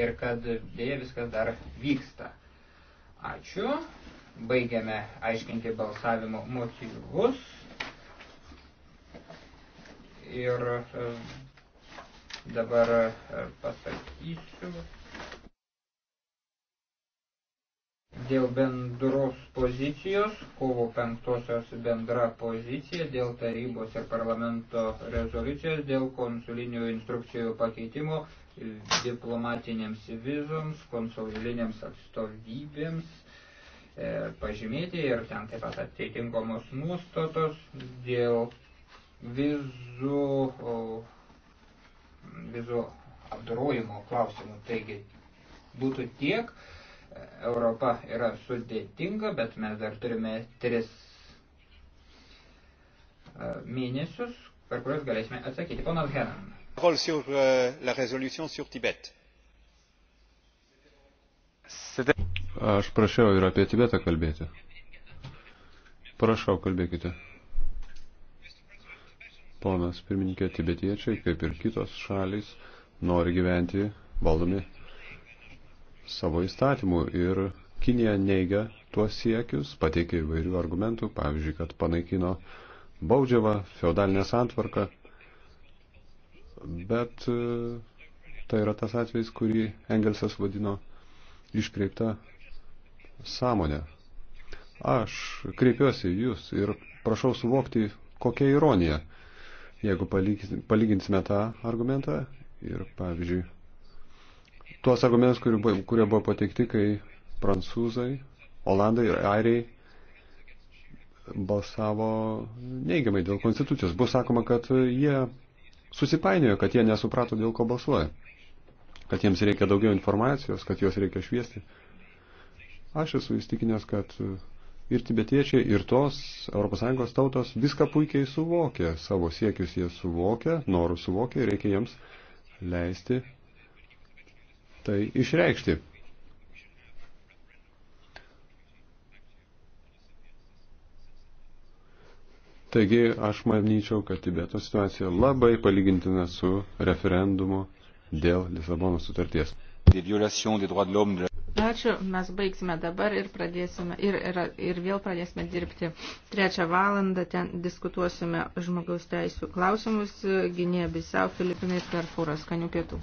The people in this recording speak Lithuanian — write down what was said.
ir kad dėja viskas dar vyksta. Ačiū. Baigiame aiškinti balsavimo motyvus. Ir e, dabar e, pasakysiu. dėl bendros pozicijos, kovo penktosios bendra pozicija, dėl tarybos ir parlamento rezoliucijos, dėl konsulinių instrukcijų pakeitimo diplomatinėms vizoms, konsulinėms atstovybėms e, pažymėti ir ten taip pat atitinkamos nuostatos dėl vizų, o, vizų apdorojimo klausimų. Taigi būtų tiek. Europa yra sudėtinga, bet mes dar turime tris e, mėnesius, per kuriuos galėsime atsakyti. Ponas Henan. E, Aš prašiau ir apie Tibetą kalbėti. Prašau, kalbėkite. Ponas pirmininkė, tibetiečiai, kaip ir kitos šalis, nori gyventi valdomi savo įstatymų ir Kinija neigia tuos siekius, pateikė įvairių argumentų, pavyzdžiui, kad panaikino baudžiavą, feodalinę santvarką, bet e, tai yra tas atvejs, kurį Engelsas vadino iškreipta sąmonė. Aš kreipiuosi jūs ir prašau suvokti, kokia ironija, jeigu palyginsime tą argumentą ir, pavyzdžiui, tuos argumentus, kurie buvo, kurie buvo pateikti, kai prancūzai, olandai ir airiai balsavo neigiamai dėl konstitucijos. Buvo sakoma, kad jie susipainiojo, kad jie nesuprato, dėl ko balsuoja, kad jiems reikia daugiau informacijos, kad juos reikia šviesti. Aš esu įstikinęs, kad ir tibetiečiai, ir tos ES tautos viską puikiai suvokė, savo siekius jie suvokė, norų suvokė, reikia jiems leisti tai išreikšti. Taigi aš manyčiau, kad Tibeto situacija labai palygintina su referendumu dėl Lisabono sutarties. Ačiū, mes baigsime dabar ir, pradėsime, ir, ir, ir vėl pradėsime dirbti. Trečią valandą ten diskutuosime žmogaus teisų klausimus, Gynėja Bisau, Filipinai, Perfūras, Kaniukėtų.